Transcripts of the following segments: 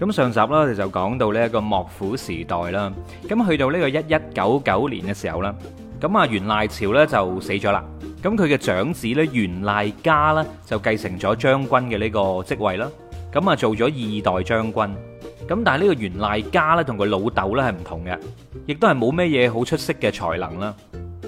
咁上集咧，我哋就講到呢一個幕府時代啦。咁去到呢個一一九九年嘅時候啦，咁啊元賴朝咧就死咗啦。咁佢嘅長子咧元賴家咧就繼承咗將軍嘅呢個職位啦。咁啊做咗二代將軍。咁但係呢個元賴家咧同佢老豆咧係唔同嘅，亦都係冇咩嘢好出色嘅才能啦，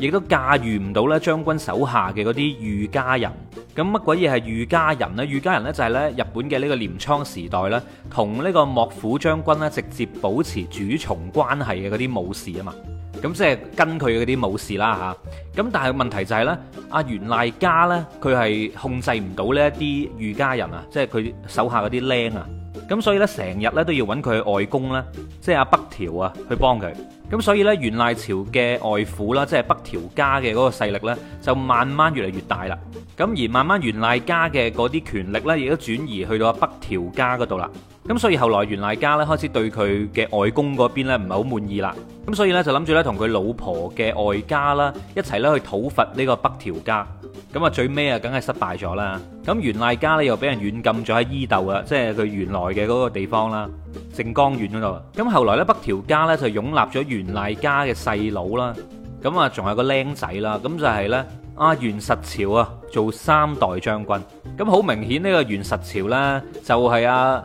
亦都駕馭唔到咧將軍手下嘅嗰啲御家人。咁乜鬼嘢係御家人咧？御家人咧就係咧日本嘅呢個鎌倉時代咧，同呢個幕府將軍咧直接保持主從關係嘅嗰啲武士啊嘛。咁即係跟佢嗰啲武士啦吓。咁但係問題就係、是、咧，阿源賴家咧佢係控制唔到呢啲御家人啊，即係佢手下嗰啲僆啊。咁所以呢，成日呢都要揾佢外公啦，即係阿北條啊，去幫佢。咁所以呢，源賴朝嘅外父啦，即係北條家嘅嗰個勢力呢，就慢慢越嚟越大啦。咁而慢慢源賴家嘅嗰啲權力呢，亦都轉移去到阿北條家嗰度啦。咁所以後來源賴家呢，開始對佢嘅外公嗰邊呢，唔係好滿意啦。咁所以呢，就諗住呢，同佢老婆嘅外家啦，一齊呢去討伐呢個北條家。咁啊，最尾啊，梗係失敗咗啦。咁源賴家咧又俾人軟禁咗喺伊豆啊，即係佢原來嘅嗰個地方啦，靜岡縣嗰度。咁後來咧，北條家咧就擁立咗源賴家嘅細佬啦。咁啊，仲有個僆仔啦。咁就係咧，阿源實朝啊，做三代將軍。咁好明顯呢個源實朝咧，就係啊。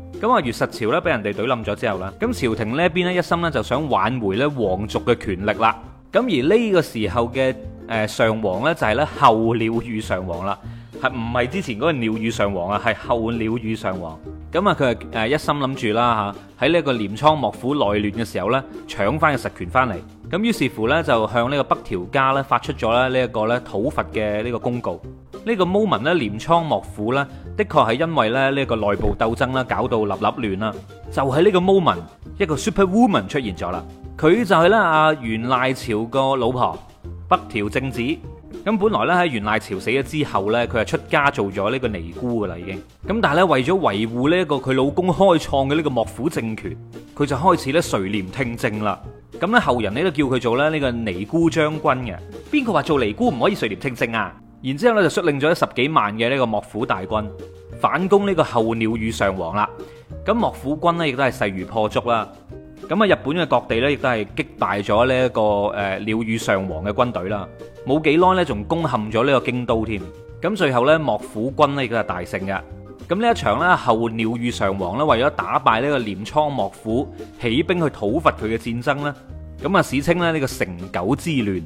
咁啊，源實朝咧俾人哋隊冧咗之後啦，咁朝廷呢邊呢一心呢就想挽回咧皇族嘅權力啦。咁而呢個時候嘅誒上皇呢，就係咧後鳥羽上皇啦，係唔係之前嗰個鳥羽上皇啊？係後鳥羽上皇。咁啊佢一心諗住啦，喺呢個鎌倉幕府內亂嘅時候呢，搶翻個實權翻嚟。咁於是乎呢，就向呢個北條家呢發出咗咧呢一個呢討伐嘅呢個公告。呢、這個 moment 咧鎌倉幕府咧，的確係因為咧呢一個內部鬥爭啦，搞到立立亂啦。就喺、是、呢個 moment，一個 superwoman 出現咗啦，佢就係咧阿源賴朝個老婆北條政子。咁本來咧喺源賴朝死咗之後咧，佢係出家做咗呢個尼姑噶啦，已經。咁但係咧為咗維護呢一個佢老公開創嘅呢個幕府政權，佢就開始咧垂簾聽政啦。咁咧後人呢，都叫佢做咧呢個尼姑將軍嘅。邊個話做尼姑唔可以垂簾聽政啊？然之後咧就率領咗十幾萬嘅呢個幕府大軍反攻呢個後鳥羽上皇啦。咁幕府軍呢亦都係勢如破竹啦。咁啊日本嘅各地呢，亦都係擊敗咗呢一個誒鳥羽上皇嘅軍隊啦。冇幾耐呢，仲攻陷咗呢個京都添。咁最後呢，幕府軍呢，亦都係大勝嘅。咁呢一場呢後鳥羽上皇呢，為咗打敗呢個鎌倉幕府起兵去討伐佢嘅戰爭啦。咁啊史稱呢個承久之亂。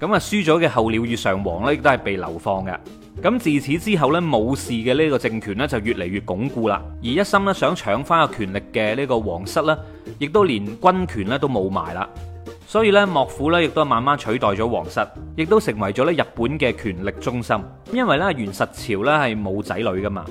咁啊，輸咗嘅後鳥羽上皇咧，亦都係被流放嘅。咁自此之後呢，武士嘅呢個政權呢就越嚟越鞏固啦。而一心呢，想搶翻個權力嘅呢個皇室呢，亦都連軍權呢都冇埋啦。所以呢，幕府呢，亦都慢慢取代咗皇室，亦都成為咗呢日本嘅權力中心。因為呢，元實朝呢係冇仔女噶嘛，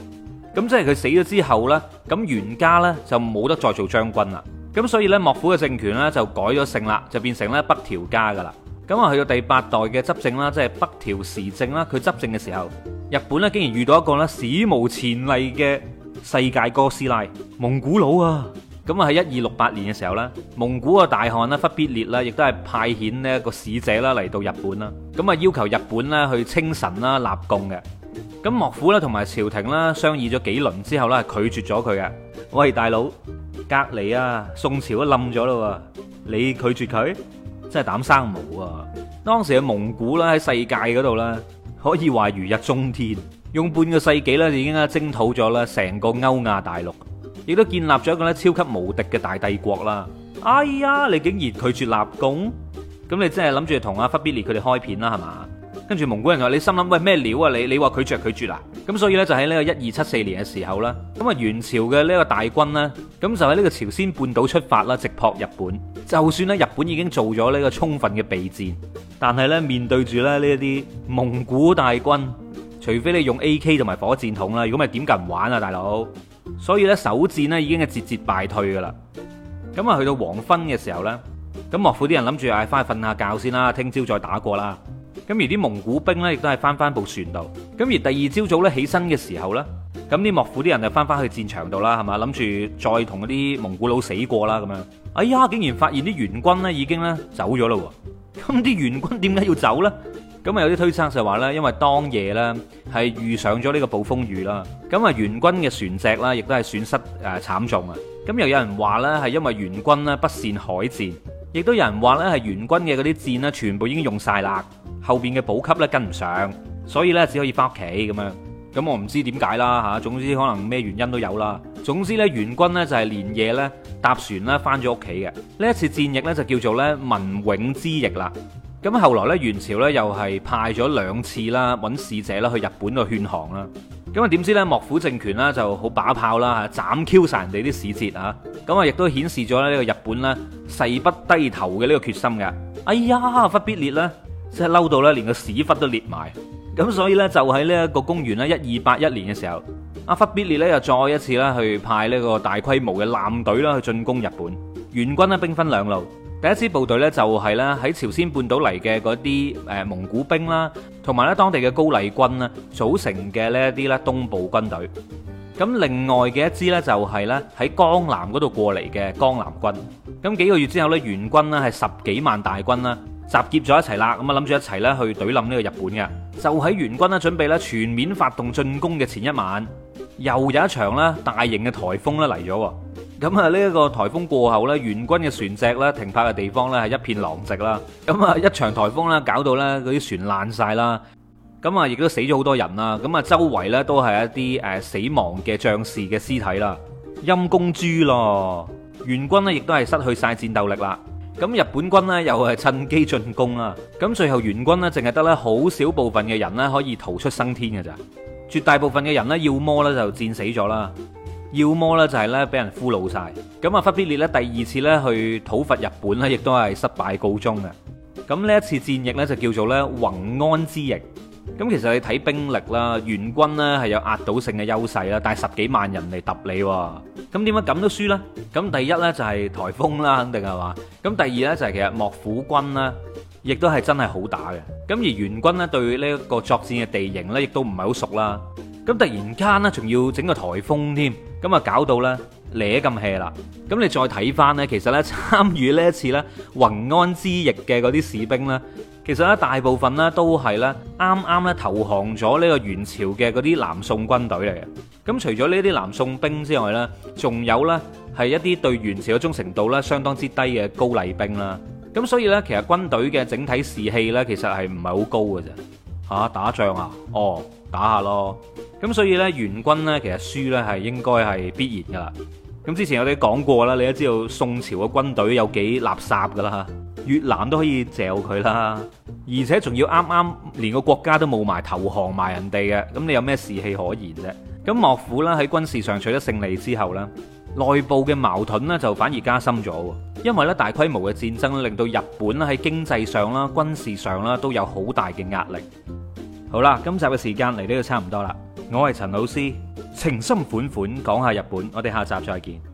咁即係佢死咗之後呢，咁元家呢就冇得再做將軍啦。咁所以呢，幕府嘅政權呢，就改咗姓啦，就變成咧北條家噶啦。咁啊，去到第八代嘅執政啦，即係北條時政啦，佢執政嘅時候，日本呢竟然遇到一個咧史無前例嘅世界哥斯拉蒙古佬啊！咁啊喺一二六八年嘅時候咧，蒙古嘅大汗啦忽必烈啦，亦都係派遣呢一個使者啦嚟到日本啦，咁啊要求日本呢去稱臣啦納貢嘅。咁幕府咧同埋朝廷啦商議咗幾輪之後咧，拒絕咗佢嘅。喂大佬，隔離啊，宋朝都冧咗咯喎，你拒絕佢？真係膽生毛啊！當時嘅蒙古咧喺世界嗰度咧，可以話如日中天，用半個世紀咧已經咧征討咗啦成個歐亞大陸，亦都建立咗一個咧超級無敵嘅大帝國啦。哎呀，你竟然拒絕納貢，咁你真係諗住同阿忽必烈佢哋開片啦，係嘛？跟住蒙古人話：你心諗喂咩料啊？你你話拒絕拒絕啊？咁所以咧就喺呢個一二七四年嘅時候啦，咁啊元朝嘅呢個大軍咧，咁就喺呢個朝鮮半島出發啦，直撲日本。就算咧，日本已經做咗呢個充分嘅備戰，但係咧面對住咧呢一啲蒙古大軍，除非你用 AK 同埋火箭筒啦，如果唔係點夠人玩啊，大佬！所以咧首戰呢已經係節節敗退噶啦。咁啊，去到黃昏嘅時候咧，咁幕府啲人諗住嗌翻去瞓下覺先啦，聽朝再打過啦。咁而啲蒙古兵咧亦都係翻翻部船度。咁而第二朝早咧起身嘅時候咧，咁啲幕府啲人就翻翻去戰場度啦，係嘛，諗住再同嗰啲蒙古佬死過啦咁樣。哎呀，竟然發現啲元軍已經走咗喇喎！咁啲元軍點解要走呢？咁啊有啲推測就話呢因為當夜呢係遇上咗呢個暴風雨啦，咁啊元軍嘅船隻呢亦都係損失誒慘重啊！咁又有人話呢係因為元軍呢不善海戰，亦都有人話呢係元軍嘅嗰啲箭呢全部已經用晒啦，後面嘅補給呢跟唔上，所以呢只可以返屋企咁樣。咁我唔知點解啦嚇，總之可能咩原因都有啦。總之呢元軍呢就係連夜呢搭船呢翻咗屋企嘅。呢一次戰役呢，就叫做文永之役啦。咁後來呢，元朝呢又係派咗兩次啦，揾使者啦去日本度勸降啦。咁啊點知呢？幕府政權呢就好把炮啦嚇，斬 Q 晒人哋啲使節嚇。咁啊亦都顯示咗呢個日本呢誓不低頭嘅呢個決心嘅。哎呀，忽必烈呢，即係嬲到呢，連個屎忽都裂埋。咁所以呢，就喺呢一個公元咧一二八一年嘅時候，阿忽必烈咧又再一次咧去派呢個大規模嘅艦隊啦去進攻日本。元軍咧兵分兩路，第一支部隊呢，就係咧喺朝鮮半島嚟嘅嗰啲蒙古兵啦，同埋咧當地嘅高麗軍啦組成嘅呢一啲咧東部軍隊。咁另外嘅一支呢，就係咧喺江南嗰度過嚟嘅江南軍。咁幾個月之後呢，元軍呢，係十幾萬大軍啦。集結咗一齊啦，咁啊諗住一齊咧去懟冧呢個日本嘅。就喺元軍呢準備咧全面發動進攻嘅前一晚，又有一場啦大型嘅颱風咧嚟咗喎，咁啊呢一個颱風過後咧，元軍嘅船隻咧停泊嘅地方咧係一片狼藉啦，咁啊一場颱風咧搞到咧嗰啲船爛晒啦，咁啊亦都死咗好多人啦，咁啊周圍咧都係一啲誒死亡嘅將士嘅屍體啦，陰公豬咯，元軍呢亦都係失去晒戰鬥力啦。咁日本軍呢，又係趁機進攻啦，咁最後元軍呢，淨係得咧好少部分嘅人呢可以逃出生天嘅咋，絕大部分嘅人呢，要麼呢就戰死咗啦，要麼呢就係呢俾人俘虜晒，咁啊忽必烈呢，第二次呢去討伐日本呢，亦都係失敗告終嘅，咁呢一次戰役呢，就叫做呢「弘安之役」。咁其實你睇兵力啦，元軍咧係有壓倒性嘅優勢啦，但係十幾萬人嚟揼你喎，咁點解咁都輸咧？咁第一咧就係颱風啦，肯定係嘛？咁第二咧就係其實幕府軍咧，亦都係真係好打嘅。咁而元軍咧對呢一個作戰嘅地形咧，亦都唔係好熟啦。咁突然間咧，仲要整個颱風添，咁啊搞到咧，瀨咁氣啦。咁你再睇翻咧，其實咧參與呢一次咧弘安之役嘅嗰啲士兵咧。其實咧，大部分咧都係咧啱啱咧投降咗呢個元朝嘅嗰啲南宋軍隊嚟嘅。咁除咗呢啲南宋兵之外呢，仲有呢係一啲對元朝嘅忠誠度咧相當之低嘅高麗兵啦。咁所以呢，其實軍隊嘅整體士氣呢，其實係唔係好高嘅啫。吓、啊、打仗啊，哦打下咯。咁所以呢，元軍呢，其實輸呢係應該係必然噶啦。咁之前我哋講過啦，你都知道宋朝嘅軍隊有幾垃圾噶啦，越南都可以嚼佢啦，而且仲要啱啱連個國家都冇埋投降埋人哋嘅，咁你有咩士氣可言啫？咁幕府呢喺軍事上取得勝利之後呢，內部嘅矛盾呢就反而加深咗，因為呢大規模嘅戰爭令到日本喺經濟上啦、軍事上啦都有好大嘅壓力。好啦，今集嘅時間嚟到差唔多啦，我係陳老師。情深款款講下日本，我哋下集再見。